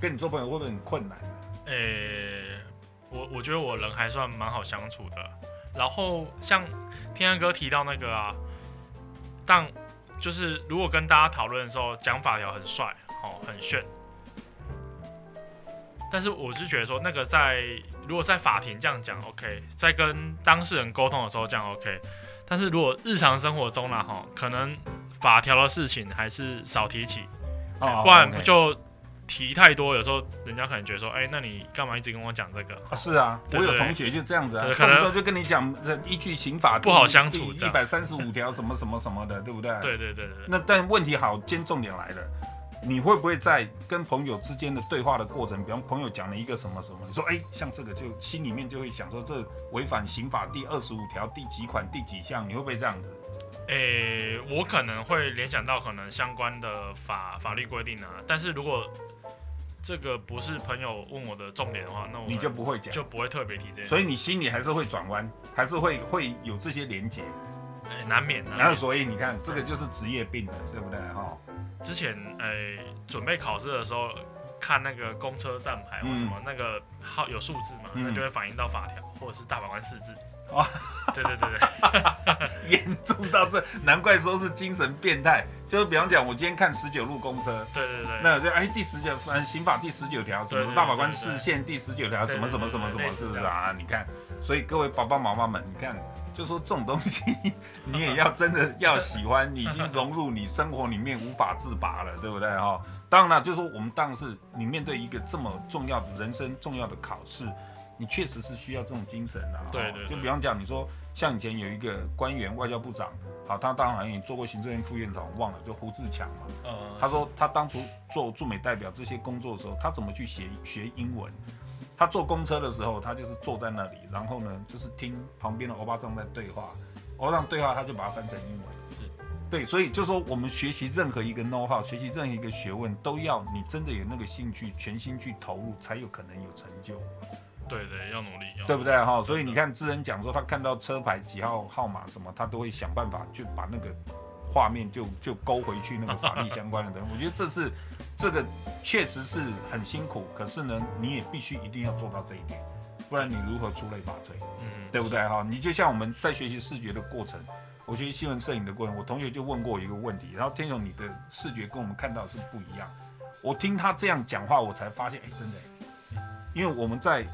跟你做朋友會不會很困難啊？誒，欸，我我覺得我人還算蠻好相處的。然後像天安哥提到那個啊，但就是如果跟大家討論的時候講法條很帥，哦，很炫。但是我是覺得說，那個在如果在法庭這樣講，OK；在跟當事人溝通的時候這樣 OK。但是如果日常生活中呢，哈，可能法條的事情還是少提起。哦，oh, okay. 不然不就提太多？有時候人家可能覺得說，哎、欸，那你幹嘛一直跟我講這個？啊，是啊，我有同學就這樣子啊，可能對就跟你講，一句刑法不好相處，一百三十五條什麼什麼什麼的， 對不對？對對對對，對那但問題好，兼重點來了，你會不會在跟朋友之間的對話的過程，比方朋友講了一個什麼什麼，你說，哎、欸，像這個就心裡面就會想說，這違反刑法第二十五條第幾款第幾項，你會不會這樣子？誒、欸，我可能會聯想到可能相關的法法律規定啊，但是如果這個不是朋友問我的重點的話，那我你就不會講，就不會特別提這些，所以你心裡還是會轉彎，還是會會有這些連接、欸，難免的。免然後所以你看，免這個就是職業病了，嗯、對不對哈、哦？之前誒、欸，準備考試的時候看那個公車站牌，或什麼、嗯、那個號有數字嘛，嗯、那就會反映到法條或者是大法官釋字。哦， 對對對對，嚴 重到這，難怪說是精神變態。就是比方講，我今天看十九路公車，對對對、對，那我哎，第十九，嗯，刑法第十九條什麼？對對對對，大法官釋憲第十九條什麼什麼什麼什麼？是不是，是啊？對對對對，你看，所以各位爸爸媽媽們，你看，就說這種東西，你也要真的要喜歡，已經融入你生活裡面無法自拔了，對不對哈、哦？當然，就是說我們當然是你面對一個這麼重要的人生重要的考試。你確實是需要這種精神啊！對對、對，就比方講，你說像以前有一個官員，外交部長，好，他當然好像也做過行政院副院長，我忘了，就胡志強嘛、哦。嗯，他說他當初做駐美代表這些工作的時候，他怎麼去學學英文？他坐公車的時候，他就是坐在那裡，然後呢，就是聽旁邊的歐巴桑在對話，歐巴桑對話他就把它翻成英文。是，對，所以就說我們學習任何一個 know how，學習任何一個學問，都要你真的有那個興趣，全心去投入，才有可能有成就。對對，要努力，要努力對不對哈？對對，所以你看，智恩講說他看到車牌幾號號碼什麼，他都會想辦法去把那個畫面就就勾回去那個法律相關的人。 我覺得這是這個確實是很辛苦，可是呢，你也必須一定要做到這一點，不然你如何出類拔萃？嗯，對不對哈？是你就像我們在學習視覺的過程，我學習新聞攝影的過程，我同學就問過我一個問題，然後天勇你的視覺跟我們看到的是不一樣。我聽他這樣講話，我才發現，哎，真的，因為我們在。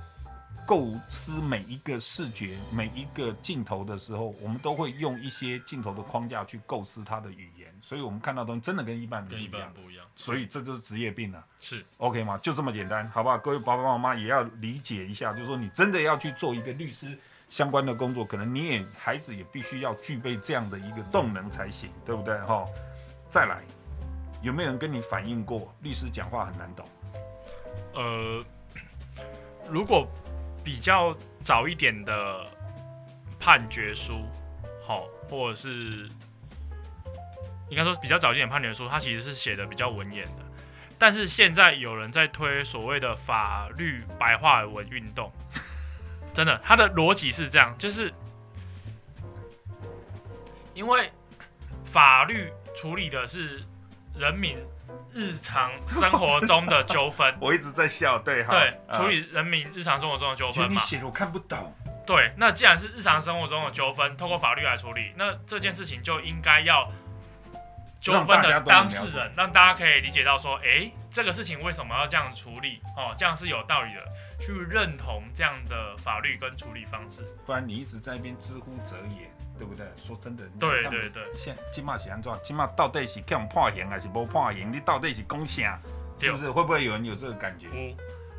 構思每一個視覺、每一個鏡頭的時候，我們都會用一些鏡頭的框架去構思它的語言，所以我們看到東西真的跟一般人不一樣，跟一般不一樣。不一樣，所以這就是職業病了。是 OK 嗎？就這麼簡單，好不好？各位爸爸媽媽也要理解一下，就是說你真的要去做一個律師相關的工作，可能你也孩子也必須要具備這樣的一個動能才行，對不對？哈，再來，有沒有人跟你反映過律師講話很難懂？呃，如果。比較早一點的判決書，好，或者是應該說比較早一點判決書，它其實是寫的比較文言的。但是現在有人在推所謂的法律白話文運動，真的，它的邏輯是這樣，就是因為法律處理的是人民日常生活中的糾紛，我一直在笑，對哈？對，啊、處理人民日常生活中的糾紛嘛。你寫的我看不懂。對，那既然是日常生活中的糾紛，透過法律來處理，那這件事情就應該要糾紛的當事人，讓大，讓大家可以理解到說，哎，這個事情為什麼要這樣處理？哦，這樣是有道理的，去認同這樣的法律跟處理方式。不然你一直在那邊之乎者也。對不對？說真的，對對對，現起碼現在，起碼到底是敢判刑還是不判刑？你到底是講啥？是不是？對會不會有人有這個感覺？我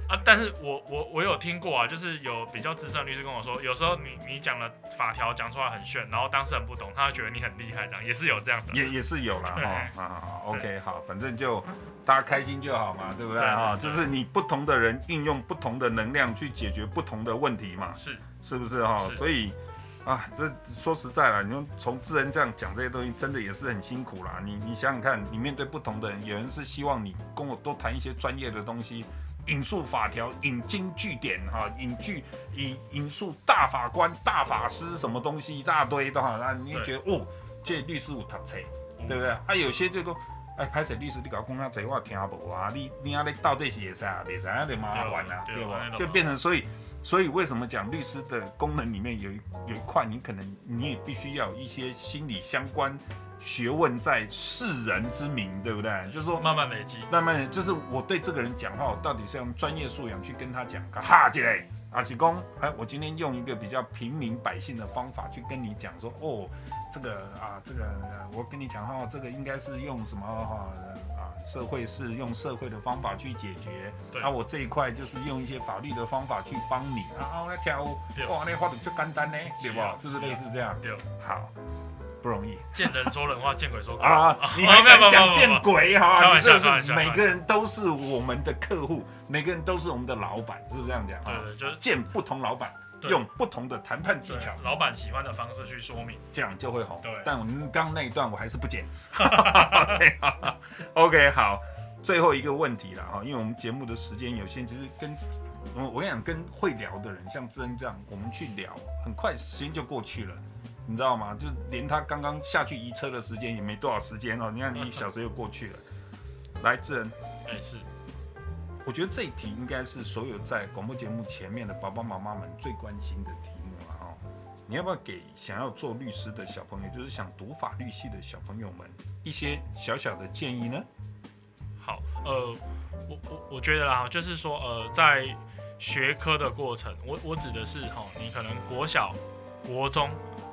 啊！但是我我我有聽過啊，就是有比較資深律師跟我說，有時候你你講的法條，講出來很炫，然後當事人不懂，他會覺得你很厲害，這樣也是有這樣的，也也是有啦。哈對。好 OK 好，反正就大家開心就好嘛，對不對？啊，就是你不同的人應用不同的能量去解決不同的問題嘛，是是不是哈、哦？是所以。啊，這說實在了，你從智恩這樣講這些東西，真的也是很辛苦啦。你你想想看，你面對不同的人，有人是希望你跟我多談一些專業的東西，引述法條，引經據典哈、啊，引據引引述大法官、大法師什麼東西一大堆的哈。那、啊、你會覺得對哦，這律師要讀冊，嗯、對不對？啊，有些這個哎，歹勢律師你搞講那濟我聽無啊，你你阿咧到底是啥啊？未啥你麻煩啊，對不？對吧對就變成所以。所以為什麼講律師的功能裡面有一有一塊，你可能你也必須要一些心理相關學問在世人之名，對不對？就是說慢慢累積，慢慢就是我對這個人講話，我到底是用專業素養去跟他講個哈姐來，還是說，哎，我今天用一個比較平民百姓的方法去跟你講說，哦，這個啊，這個、啊、我跟你講哈、啊，這個應該是用什麼哈？啊啊社會是用社會的方法去解決，那我這一塊就是用一些法律的方法去幫你啊，我來挑哇，那話比較簡單呢，好不好？是不是類似這樣？對，好，不容易。見人說人話，見鬼說鬼話。你不要講見鬼，好好？你這是每個人都是我們的客戶，每個人都是我們的老闆，是不是這樣講？對，就是見不同老闆。用不同的談判技巧，老板喜歡的方式去說明，這樣就會紅。對，但我們剛剛那一段我還是不剪。 okay, OK，好，最後一個問題了哈，因為我們節目的時間有限，其實跟我我跟你講，跟會聊的人，像智恩這樣，我們去聊，很快時間就過去了， 你知道嗎？就連他剛剛下去移車的時間也沒多少時間哦。你看，你一小時又過去了。 來，智恩，哎、欸，是。我覺得這一題應該是所有在廣播節目前面的爸爸媽媽們最關心的題目了哈。你要不要給想要做律師的小朋友，就是想讀法律系的小朋友們一些小小的建議呢？好，呃，我我我覺得啦，就是說，呃，在學科的過程，我我指的是哈、哦，你可能國小、國中、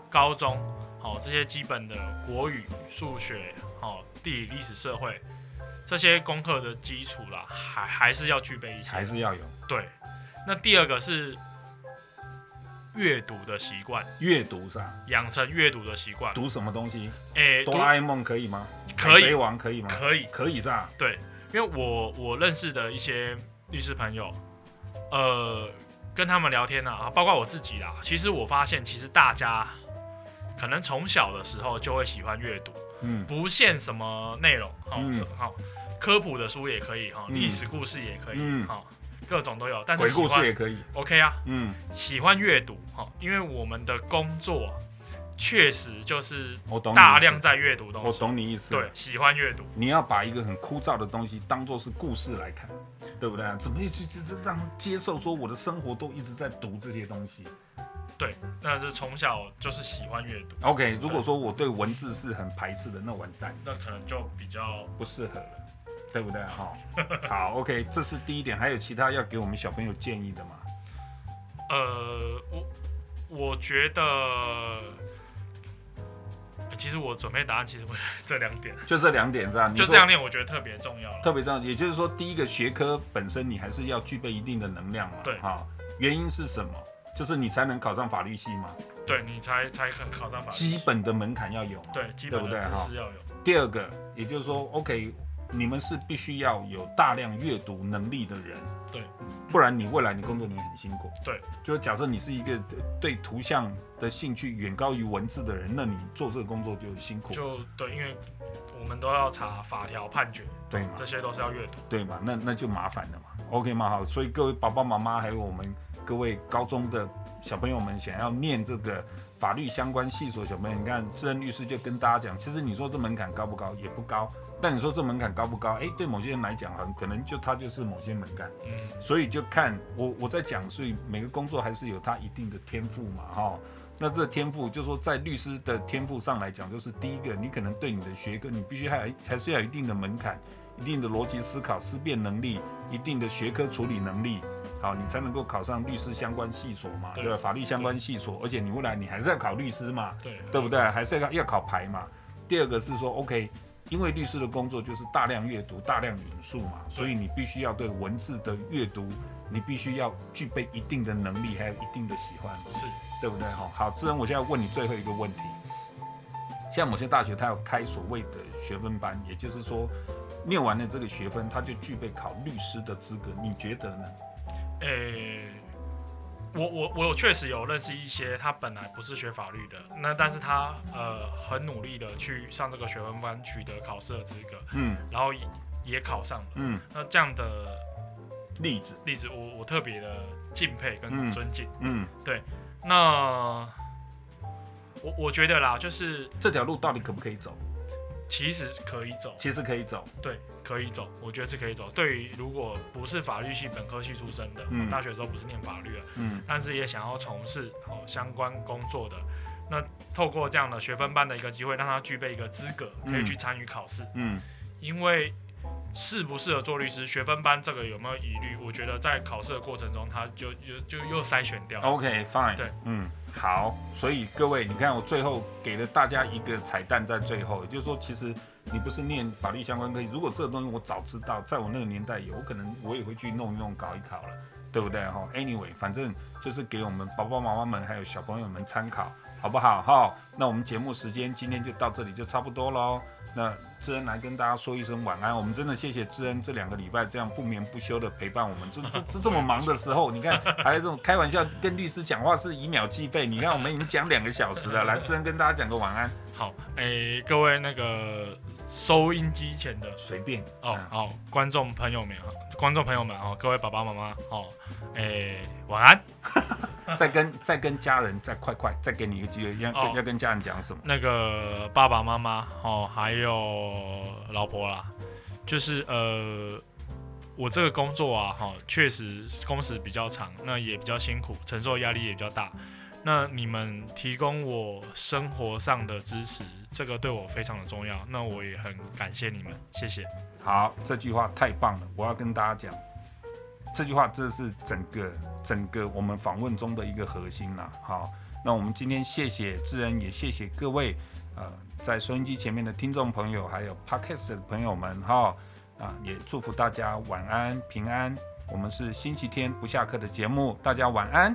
高中，好、哦，這些基本的國語、數學、好、哦、地理、歷史、社會。這些功課的基礎啦，還還是要具備一些，還是要有。對，那第二個是閱讀的習慣。閱讀是吧？養成閱讀的習慣。讀什麼東西？哎、欸，哆啦 A 夢可以嗎？讀可以。可以王可以嗎？可以。可以是吧？對，因為我我認識的一些律師朋友，呃，跟他們聊天啊，包括我自己啦，其實我發現，其實大家可能從小的時候就會喜歡閱讀。嗯、不限什麼內容，好，好、嗯，科普的書也可以，哈，歷史故事也可以，嗯、各種都有。鬼故事也可以，OK 啊，嗯，喜歡閱讀，哈，因為我們的工作確實就是大量在閱讀東西，我，我懂你意思。對，喜歡閱讀，你要把一個很枯燥的東西當做是故事來看，對不對？怎麼去，就是讓接受說我的生活都一直在讀這些東西。對，但是從小就是喜歡閱讀。OK，如果說我對文字是很排斥的，那完蛋，那可能就比較不適合了，對不對？哈， 好，OK，這是第一點。還有其他要給我們小朋友建議的嗎？呃，我我覺得，其實我準備答案其實不是這兩點，就這兩點是吧？就這兩點，我覺得特別重要了。特別重要，也就是說，第一個學科本身你還是要具備一定的能量嘛？對，哈、哦，原因是什麼？就是你才能考上法律系嗎？對，你才才能考上法律系，基本的門檻要有，對，基本的知識要有。對對，第二個，也就是說，OK，你們是必須要有大量閱讀能力的人，對，不然你未來你工作你很辛苦，對、嗯。就是假設你是一個對圖像的興趣遠高於文字的人，那你做這個工作就辛苦。就對，因為我們都要查法條判決，對嘛嗎？這些都是要閱讀，對嘛？那那就麻煩了嘛。OK，嘛好，所以各位爸爸媽媽還有我們。各位高中的小朋友們想要唸這個法律相關系所，小朋友，你看，智恩律師就跟大家講，其實你說這門檻高不高？也不高。但你說這門檻高不高？誒？對某些人來講，很可能就他就是某些門檻。嗯。所以就看我我在講，所以每個工作還是有他一定的天賦嘛，哈、哦。那這天賦就是、說在律師的天賦上來講，就是第一個，你可能對你的學科，你必須還有還是要有一定的門檻，一定的邏輯思考、思辨能力，一定的學科處理能力。好，你才能夠考上律師相關系所嘛，對吧？法律相關系所，對而且你未來你還是要考律師嘛，對，對不對？還是要考要考牌嘛。第二個是說，OK，因為律師的工作就是大量閱讀、大量引述嘛，對所以你必須要對文字的閱讀，你必須要具備一定的能力，還有一定的喜歡，是對，對不對？好，好，智恩，我現在問你最後一個問題，像某些大學它有開所謂的學分班，也就是說，念完了這個學分，它就具備考律師的資格，你覺得呢？誒、欸，我我我確實有認識一些，他本來不是學法律的，那但是他呃很努力的去上這個學分班，取得考試的資格，嗯，然後也考上了，嗯，那這樣的例子例子，我我特別的敬佩跟尊敬，嗯，嗯對，那我我覺得啦，就是這條路到底可不可以走，其實可以走，其實可以走，對。可以走，我覺得是可以走。對於如果不是法律系本科系出身的，我、嗯、大學時候不是念法律了，啊，嗯，但是也想要從事好相關工作的，嗯，那透過這樣的學分班的一個機會，讓他具備一個資格，可以去參與考試，嗯，嗯，因為適不適合做律師，學分班這個有沒有疑慮？我覺得在考試的過程中，他就就就又篩選掉。OK，fine，Okay ,對，嗯，好，所以各位，你看我最後給了大家一個彩蛋在最後，也，嗯，就是說，其實。你不是念法律相關科？如果這個東西我早知道，在我那個年代，有可能我也會去弄一弄、搞一搞了，對不對吼？哦，anyway，反正就是給我們爸爸媽媽們還有小朋友們參考，好不好哈？哦，那我們節目時間今天就到這裡，就差不多嘍。那智恩來跟大家說一聲晚安，我們真的謝謝智恩這兩個禮拜這樣不眠不休的陪伴我們，這這這這麼忙的時候，你看還有這種開玩笑跟律師講話是以秒計費，你看我們已經講兩個小時了，來，智恩跟大家講個晚安。好，哎，各位那個收音機前的隨便哦，好、哦哦，觀眾朋友們觀眾朋友們哦，各位爸爸媽媽哦，哎，晚安， 再跟再跟家人再快快再給你一個機會，要、哦、要跟家人講什麼？那個爸爸媽媽哦，還有老婆啦，就是呃，我這個工作啊哈、哦，確實工時比較長，那也比較辛苦，承受壓力也比較大。嗯那你們提供我生活上的支持，這個對我非常的重要。那我也很感謝你們，謝謝。好，這句話太棒了，我要跟大家講，這句話這是整個整個我們訪問中的一個核心吶、啊。好，那我們今天謝謝智恩，也謝謝各位，呃，在收音機前面的聽眾朋友，還有 podcast 的朋友們哈、哦，啊，也祝福大家晚安平安。我們是星期天不下課的節目，大家晚安。